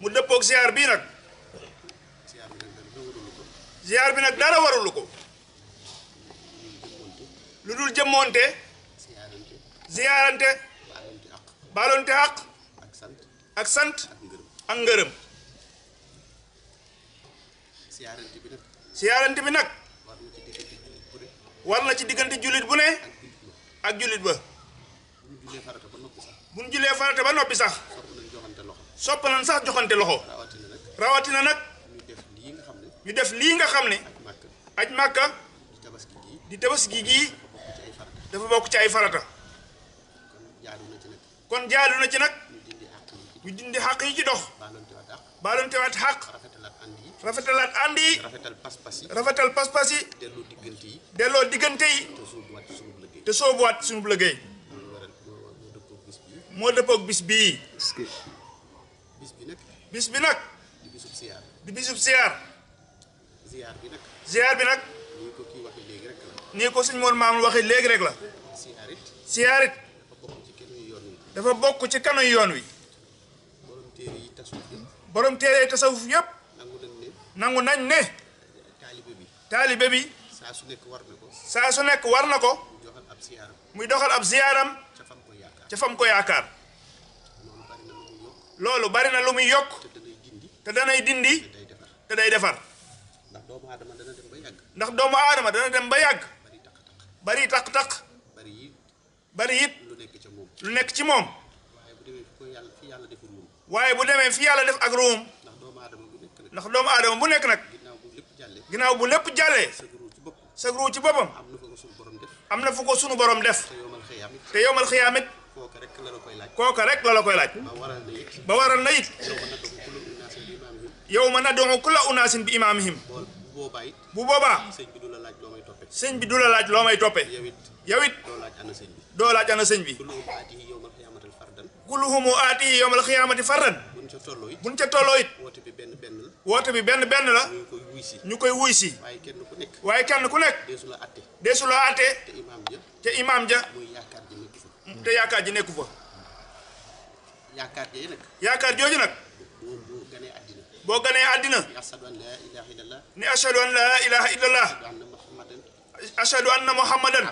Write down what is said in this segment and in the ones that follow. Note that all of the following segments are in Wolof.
mu dëppoog ziar bii nag ziar bi nag dara warulu ko lu dul jëmmoonte ziarante baalonte àq ak sant ak ngërëm ziarante bi nag war na ci diggante jullit bu ne ak jullit ba bu ñu julee farata ba noppi sax soppalan sax joxante loxo. rawatina nag. ñu def lii nga xam ne. aj màkka. di tabaski gii. dafa bokk ci ay farata. kon jaalu na ci nag. ñu dindi xaq yi ci dox. baalonte waat xaq. rafetalaat ànd yi. rafetal pas-pas yi. rafetal pas-pas yi. delloo diggante yi. delloo diggante yi. te soobuwaat suñu liggéey. moo dëppoog bis bii. moo dëppoog bis bii. bis bi nag. di bisub ziar. di bi nag. ziar bi nag. nii ko kii suñu moom maam waxee léegi rek la. ziarit. ziarit. dafa bokk ci kanu yoon wi. dafa bokk ci kanu yoon wi. borom téere yi tasawuf yëpp. borom téere nangu nañ ne. nangu taalibe bi. taalibe bi. saa su nekk war na ko. na ko. muy doxal ab ziaram. muy doxal ab ko yaakaar. lolu bari na lu muy yokk te danay dindi te day defar ndax doomu adama dana dem ba yag ndax doomu aadama dana dem ba yàgg bari tak tak bari yit lu nek ci mom waye bu deme fi yàlla def ak ruum ndax doomu adama bu nek nak ginaaw bu lépp jàllee sa gru ci bopam amna na fu ko sunu borom def te yowmal xiyaamit kooka rek la la koy laaj ba waral na it yow ma nad'u kulla unaasin bi imaamihim bu boobaa sëñ bi du la laaj loo may toppee yow it doo laaj ana sëñ bi kulluhum aatihi yawmal xiyaamati fardan buñ ca tolloo it woote bi benn benn la ñu koy wuy si waaye kenn ku nekk deesu la atte te imaam ja te yaakaar ji nekku fa. yaakaar jooju nag. yaakaar nag. moom boo ganee àddina. boo ganee àddina. ni ashadu an laa ilaaha illallah. ni ashadu an laa ilaaha illallah. ashadu anna muhammadan.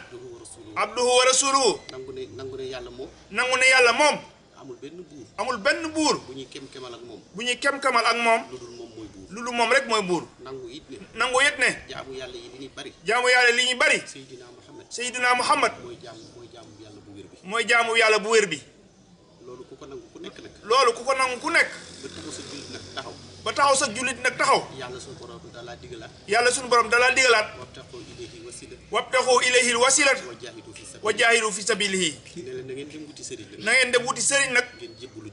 abduhu wa rasuluhu. nangu ne yàlla moom. nangu ne yàlla moom. amul benn buur. amul benn buur. bu ñuy kem kemal ak moom. bu ñuy kem kemal ak moom. lu dul moom mooy lu moom rek mooy buur. nangu it ne. nangu it ne. jaamu yàlla yi li ñuy bari. jaamu Muhammad. mooy jaamu yàlla bu wér bi. loolu ku ko nangu ku nekk nag. loolu ku ko nangu ku nekk. ba taxaw sa jullit nag taxaw. ba taxaw sa jullit nag taxaw. yàlla sunu borom dalaa digalaat. yàlla sunu borom dalaa digalaat. wabtaxu ilayhi wasila. wabtaxu ilayhi wasilat. wa jaahidu fi sabilihi. ne leen na ngeen dem wuti sëriñ nag. wuti sëriñ nag.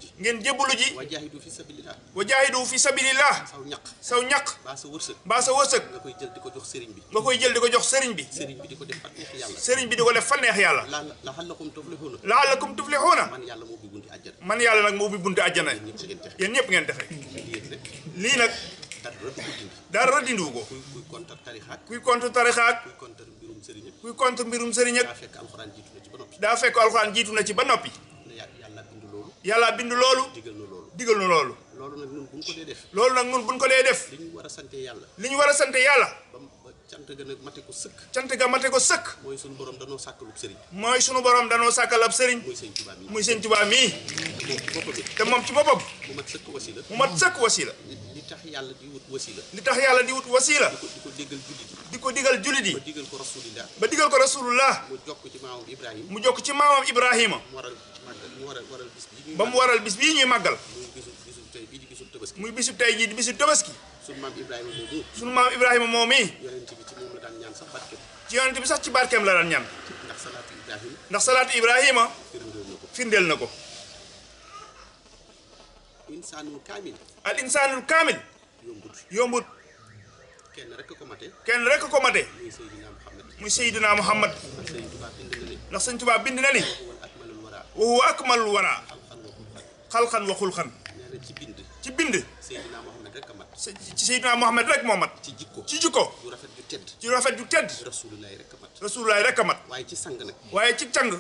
ji ngeen jébbalu ji wajahidu fi sabilillah wajahidu fi sabilillah saw ñak saw ñak ba sa wërseuk ba sa wërseuk nga koy jël diko jox serigne bi nga koy jël diko jox serigne bi serigne bi diko def fat neex yalla serigne bi diko def fat neex yalla la halakum tuflihuna la halakum tuflihuna man yalla mo bi bunti aljana man yalla nak mo bi bunti aljana yeen ñep ngeen defé li nak dara dindu ko kuy contre tarixa kuy contre tarixa kuy contre mbirum serigne kuy contre mbirum serigne da fekk alcorane jitu na ci ba nopi da fekk alcorane jitu na ci ba nopi yàlla bindu loolu. digal nu loolu digal nu loolu. loolu nag ñun bu ñu ko dee def. loolu nag ñun bu ñu ko dee def. li ñu war a sant yàlla. li ñu war a sante yàlla. cant ga nag mate ko sëkk. cant ga mate ko sëkk. mooy sunu borom danoo sàkkalub sëriñ. mooy sunu borom danoo sàkkalub sëriñ. muy sëñ Tuubaa mii muy sëñ Tuubaa mii. te moom ci boppam. mu mat sëkk wasila. mu mat sëkk wasila. tax yàlla di wut wasila li tax yàlla di wut wasila di ko di ko digal jullit yi ko digal jullit yi ba digal ko rasulillah ba digal ko rasulullah mu jokk ci maamam ibrahima mu jokk ci maamam ibrahima mu waral bis bi ba mu waral bis bii ñuy màggal muy bisub bisub tey bii di bisub tabaski jii di bisub tabaski sunu maam ibrahima moom la daan ñaan sax barkeem ci yonente bi sax ci barkeem la daan ñaan ndax salaatu ibrahima ndax salaatu ibrahima firndeel na ko insaanul kaamil. al insaanul kaamil. yombut yombut. kenn rek ko mate. kenn rek ko mate. muy Seydina Muhammad. muy Seydina Muhammad. ndax sëñ Tuubaa bind na ni. wa huwa akmalul wara. xalxan wa xulxan. ci bind. ci bind. Seydina Muhammad rek a ci Seydina Muhammad rek moo mat. ci jikko ci jikko. ju rafet ju tedd. ci rafet ju tedd. rasulullaay rek a mat. a mat. waaye ci sang nag. waaye ci sang.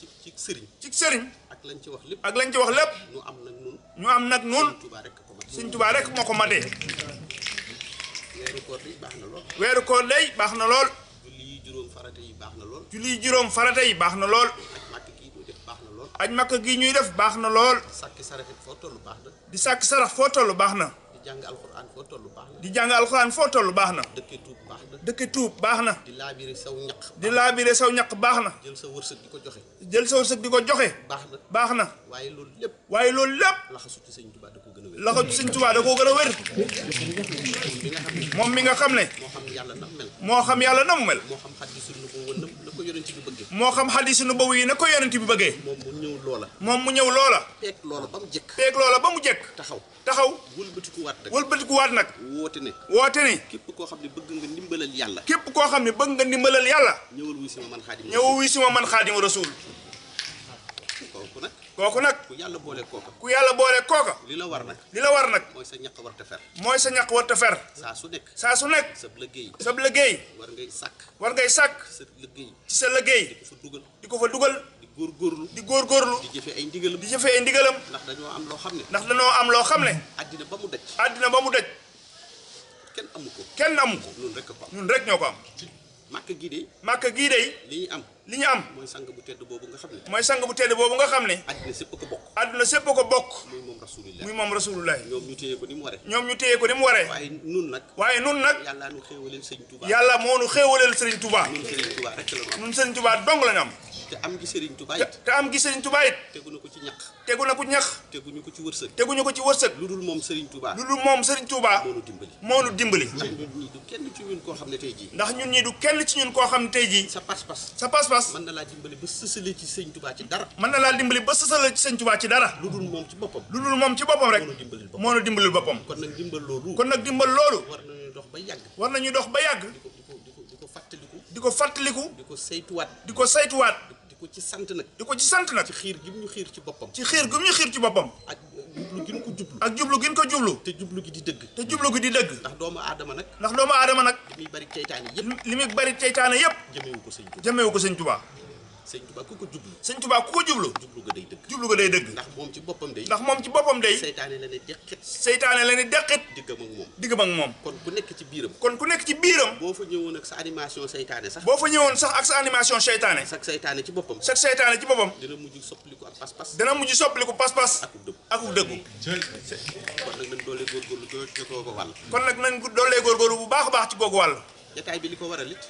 ci ci sëriñ. ci sëriñ. ak lañ ci wax lépp. ak lañ ci wax lépp. nu ñu am nag noonu sëñ Tuubaa rek moo ko matee weeru koor day baax na lool juróom farata yi baax na lool julli juróom farata yi baax na lool aj makk gi ñuy def baax na lool di sàkk sarax foo tollu baax na di jàng alxuraan foo toll baax na. di jàng alxuraan foo toll baax na. dëkke tuub baax na. dëkke tuub baax na. di laabire saw ñaq. di laabire saw ñaq baax na. jël sa wërsëg di ko joxe. jël sa di ko joxe. baax na baax na. waaye loolu lépp. waaye loolu lépp. laxasu ci sëñ Tuubaa da koo gën a wér. laxasu ci sëñ Tuubaa da a wér. moom mi nga xam ne. moo xam yàlla na mu mel. moo xam yàlla na mu moo xam xaddisu nu ba ko yonent bi bëggee. moo xam wuy na ko yonent bi bëggee. loola moom mu ñëw lola, peeg loola ba mu jëkk tek. loola ba mu jëkk taxaw taxaw wëlbatiku waat nag wëlbatiku waat nag woote ne woote ne képp koo xam ne bëgg nga ndimbalal yalla. képp koo xam ne bëgg nga ndimbalal yàlla ñëwal wuy sima man xaadim ñëwal wuy sima man xaadim rasul kooku nag kooku nag ku yàlla boole kooka ku yàlla boole kooka li la war nag lila la war nag mooy sa ñaq war ta fer mooy sa ñaq war ta fer saa su nekk saa su nekk sab liggéey sab liggéey war ngay sàkk war ngay sàkk sa liggéey ci sa liggéey di fa dugal di fa dugal góorgóorlu di góorgóorlu di jëfee ay ndigalam di jëfee ay ndigalam ndax dañoo am loo xam ne ndax dañoo am loo xam ne àddina ba mu daj àddina ba mu daj kenn amu ko kenn amu ko ñun rek ko rek ñoo ko am màkk gii de màkk gii de mooy sang bu tedd boobu nga xam ne mooy sang bu ne àddina sépp ko bokk àddina sépp ko bokk muy moom rasulullah muy moom ñoom ñu téye ko ni mu waree ñoom ñu téye ko ni mu waree waaye nun nag waaye nun nag yàlla nu xéewaleel sëriñ Touba yàlla moo nu xéewaleel sëriñ Touba ñun sëriñ Touba rek la am te am gi Serigne Touba it te am gi Serigne Touba it tegu na ko ci ñax tegu na ko ñax teguñu ko ci wërsëg teguñu ko ci wërsëg lu dul moom Serigne Touba lu dul moom Serigne Touba moo nu dimbali moo nu dimbali ndax ñun ñii du kenn ci ñun koo xam ne tey jii ndax ñun ñii du kenn ci ñun koo xam ne tey jii sa pas-pas sa pas-pas mën na laa dimbali ba sësale ci Serigne Touba ci dara mën na laa dimbali ba sësale ci Serigne Touba ci dara lu dul moom ci boppam lu dul moom ci boppam rek moo nu dimbalil boppam kon nag dimbal loolu kon nag dimbal loolu war nañu dox ba yàgg war nañu dox ba yàgg di ko fàttaliku di ko saytuwaat di ko saytuwaat ko ci sant nag di ko ci sant nag ci xiir gi mu ñu xiir ci boppam ci xiir gi mu ñu xiir ci boppam ak jublu gi ñu ko jublu ak jublu gi ñu ko jublu te jublu gi di dëgg te jublu gi di dëgg ndax doomu aadama nag ndax doomu aadama nag li muy bari ceytaane yëpp li muy bari ceytaane yëpp jëmeewu ko sëñ Tuubaa jëmeewu ko sëñ Tuubaa sëñ Tuubaa ku ko jublu sëñ Tuubaa ku ko jublu jublu day dëgg jublu ga day dëgg ndax moom ci boppam day ndax moom ci boppam day seytaane la ne deqit seytaane la ne deqit diggam moom diggam ak moom kon ku nekk ci biiram kon ku nekk ci biiram boo fa ñëwoon ak sa animation seytaane sax seytaane ci boppam sax seytaane ci boppam dina mujj soppaliku ak pas-pas dina mujj soppaliku pas-pas akub dëgg akub dëggu kon nag nañ doolee góorgóorlu ci a baax ci googu wàll jataay bi li ko waral it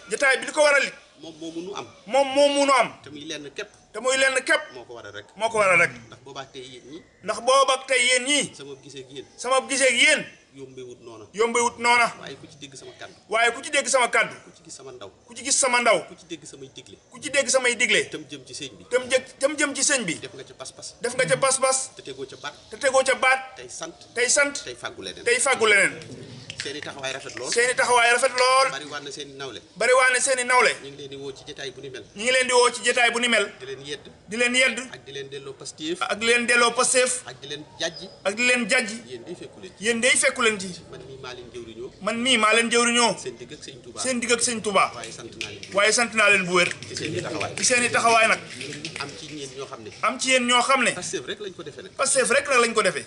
li moom moo munu am. moom moo munu am. te muy lenn képp. te muy lenn képp. moo ko waral rek. moo ko waral rek. ndax boobaa tey yéen ñi. ndax boobaa ak tey yéen ñi. sama gisee ak sama gisee ak yéen. yombee wut noona. yombee wut waaye ku ci dégg sama kàddu. waaye ku ci dégg sama kàddu. ku ci gis sama ndaw. ku ci gis sama ndaw. ku dégg samay digle. ku ci dégg samay digle. tam jëm ci seen bi. tam jë tam jëm ci sëñ bi. def nga ca pas-pas. def nga ca pas bas te tegoo ca baat. te tegoo ca baat. te sant. tey sant. tey fàggu leneen. tey fàggu leneen. seen i taxawaay rafet lool seen i taxawaay rafet lool bari waan na seen i nawle bari waan na seen nawle ñu leen di woo ci jotaay bu ni mel ñu ngi leen di woo ci jotaay bu ni mel di leen yedd ak di leen delloo pastéef ak di leen delloo pastéef ak fekku leen ci man mii maa leen jëwriñoo seen digg ak seen digg waaye sant naa leen waaye sant naa bu wér ci seen taxawaay nag am ci yéen ñoo xam ne am ci yéen ñoo xam ne pastéef rek lañ ko defee nag pastéef rek lañ ko defee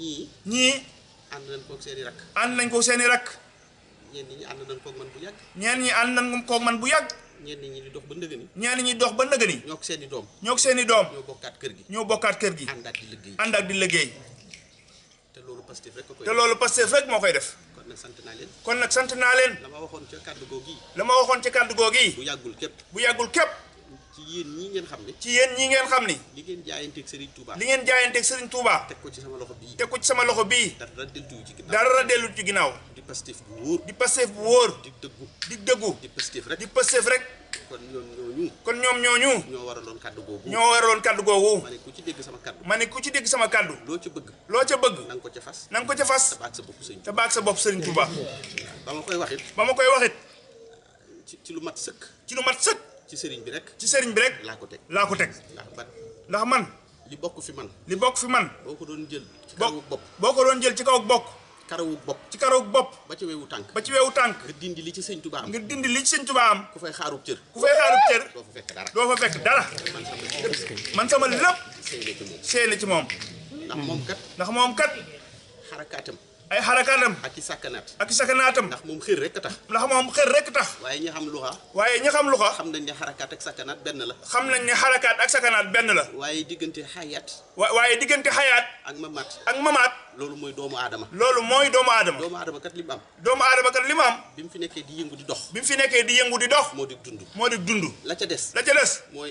ñii ñii and nañ ko seeni rak and nañ seeni rak ñen ñi and nañ ko man bu man bu yag ñen ñi di dox ba ndëgëni ñen ñi dox ba ndëgëni ñok seeni doom ñok seeni ñoo bokkat kër gi ñoo bokkat kër gi di liggéey and di liggéey té loolu pastef rek koy té loolu pastef rek mo koy def kon nak sant na leen kon nak sant na leen lama waxon ci kaddu gogi lama waxon ci kaddu gogi bu yagul kep bu yagul kep ci yeen ñi ngeen xamni ci yeen ñi ngeen xamni li ngeen jaayanteek serigne touba li ngeen jaayanteek serigne touba tek ko ci sama loxo bi tek ko ci sama loxo bi dara delu ci ginaaw dara delu ci ginaaw di pastef bu woor di pastef bu woor di deggu di deggu di pastef rek di pastef rek kon ñoom ñooñu kon ñoom ñooñu ñoo waraloon kaddu googu ñoo waraloon kaddu googu ma ne ku ci dégg sama kaddu ma ne ku ci dégg sama kaddu loo ca bëgg loo ca bëgg na ko ca fas Nang nga ko ca fas tabaak sa bopp sëñ tabaak sa bopp sëñ touba ba ma koy waxit ba ma koy waxit ci lu mat sëkk ci lu mat sëkk ci sëriñ bi rek. ci sëriñ bi rek. laa ko teg laa ko teg. ndax man ndax man. li bokk fi man. li bokk fi man. boo ko doon jël. ci kaw bopp boo ko doon jël ci kaw bopp. karawug bopp ci karawug bopp ba ci wewu tànk ba ci wewu tànk nga dindi li ci sëñ tubaa am nga dindi li ci sëñ tubaa am ku fay xaarub cër ku fay xaarub cër doo fa fekk dara doo fa fekk dara man sama lépp seey la ci moom ndax moom kat ndax moom kat xarakaatam ay xarakaatam ak i sakkanaat ak i sakkanaatam ndax moom xër rek tax ndax moom xër rek tax waaye ñi xam luxa waaye ñi xam luxa xam nañ ne xarakaat ak sakkanaat benn la xam nañ ne xarakaat ak sakkanaat benn la waaye diggante xayaat wa waaye diggante xayaat ak mamaat ak mamaat loolu mooy doomu aadama loolu mooy doomu aadama doomu aadama kat li am doomu aadama kat li mu am bi mu fi nekkee di yëngu di dox bi mu fi nekkee di yëngu di dox moo di dund moo di dund la ca des la ca des mooy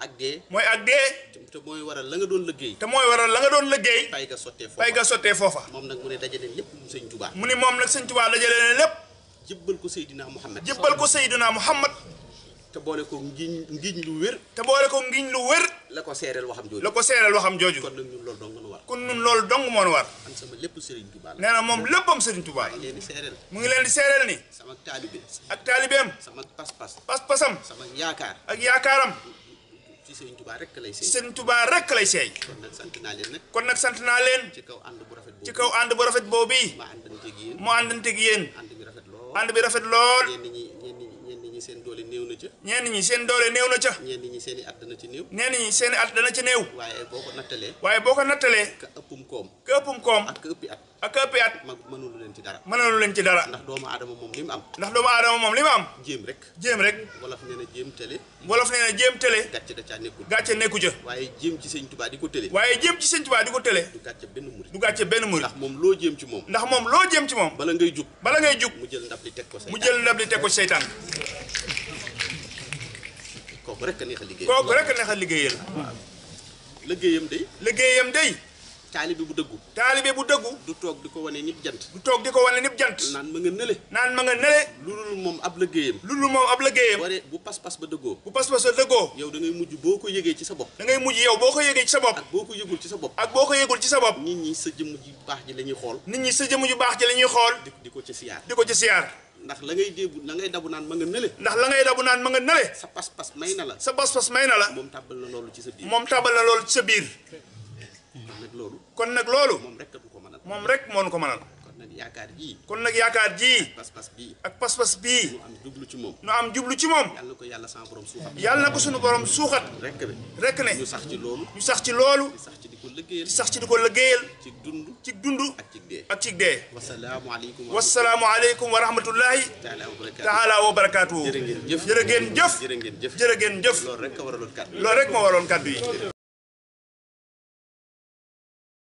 ak dee. mooy ak dee. te mooy waral la nga doon liggéey. te mooy waral la nga doon liggéey. fay ga sottee foofa fay ga sottee foofa. moom nag mu ne dajale lépp ne lépp. jébbal ko Seydina Muhammad. jébbal ko Seydina Muhammad. te boole ko ngiñ ngiñ lu wér. te boole ko ngiñ lu wér. la ko seereel waxam jooju. la ko seereel waxam jooju. kon nag ñun loolu dong nu war. kon ñun loolu dong moo war. nee na moom léppam Serigne Touba mu ngi leen di seereel. mu ngi leen di seereel ni. sama taalibe. ak taalibeem. sama pas-pas. pas-pasam. sama yaakaar. ak yaakaaram. ci Serigne Touba rek lay seey. Serigne Touba rek lay seey. kon nag sant naa leen nag. kon nag sant naa leen. ci kaw ànd bu rafet boobu ci kaw ànd bu rafet boobu yi. ma àndanteeg yéen mu àndanteeg yéen. ànd bi rafet lool ànd bi rafet lool. ñenn ñi ñenn ñi ñenn ñi seen doole néew na ca. ñenn ñi seen doole néew na ca. ñenn ñi seen i at dana ci néew. ñenn ñi seen i at dana ci néew. waaye boo ko nattalee. waaye boo ko nattalee. ka ëppum koom. ka ëppum koom. ak ka ëppi at. ak ëpp at mënulu leen ci dara mënulu leen ci dara ndax doomu aadama moom li mu am ndax doomu aadama moom li mu am jéem rek jéem rek wolof nee na jéem télé wolof nee na jéem télé gàcce da caa nekkul gàcce nekku ca waaye jéem ci sëñ tubaa di ko télé waaye jéem ci sëñ tubaa di ko télé du gàcce benn murit du gàcce benn murit ndax moom loo jéem ci moom ndax moom loo jéem ci moom bala ngay jug bala ngay jug mu jël ndab li teg ko mu jël ndab li ko seytaan kooku rek a neex a liggéey a neex a liggéeyal liggéeyam day liggéeyam taalibe bu dëggu taalibe bu dëggu du toog di ko wane nit jant du toog di ko wane nit jant naan ma nga nële naan ma nga nële lu dul moom ab liggéeyam lu dul moom ab liggéeyam waree bu pas ko yëgee ci sa bopp da ngay mujj yow boo ko yëgee ci sa bopp ak boo ko yëgul ko yëgul ci sa bopp nit ñi sa jëmm ju baax ji ñi sa jëmm ju baax ko ci siyaar di ko ci siyaar ndax la ngay naan ma nga nële ndax la ngay dabu naan ma nga nële sa na la sa pas may na la moom tàbbal na loolu ci sa biir moom tàbbal na loolu ci sa biir nag kon nag loolu. moom rek ko mënal. moom rek moo ko mënal. kon nag yaakaar jii. kon nag yaakaar jii. ak pas-pas bii. ak pas-pas bii. nu am jublu ci moom. nu am jublu ci moom. yàlla na ko yàlla sama borom suuxat. yàlla na ko sunu borom suuxat. rek ne rek ne. ñu sax ci loolu. ñu sax ci loolu. di sax ci di ko lëggéeyal. di sax ci di ko lëggéeyal. ci dund. ci dund. ak ci dee. ak ci dee. wasalaamualeykum. wasalaamualeykum wa rahmatullahi. taala wa barakaatu. jërë ngeen jëf jërë ngeen jëf. jërë ngeen jëf. loolu rek ma waraloon kaddu yi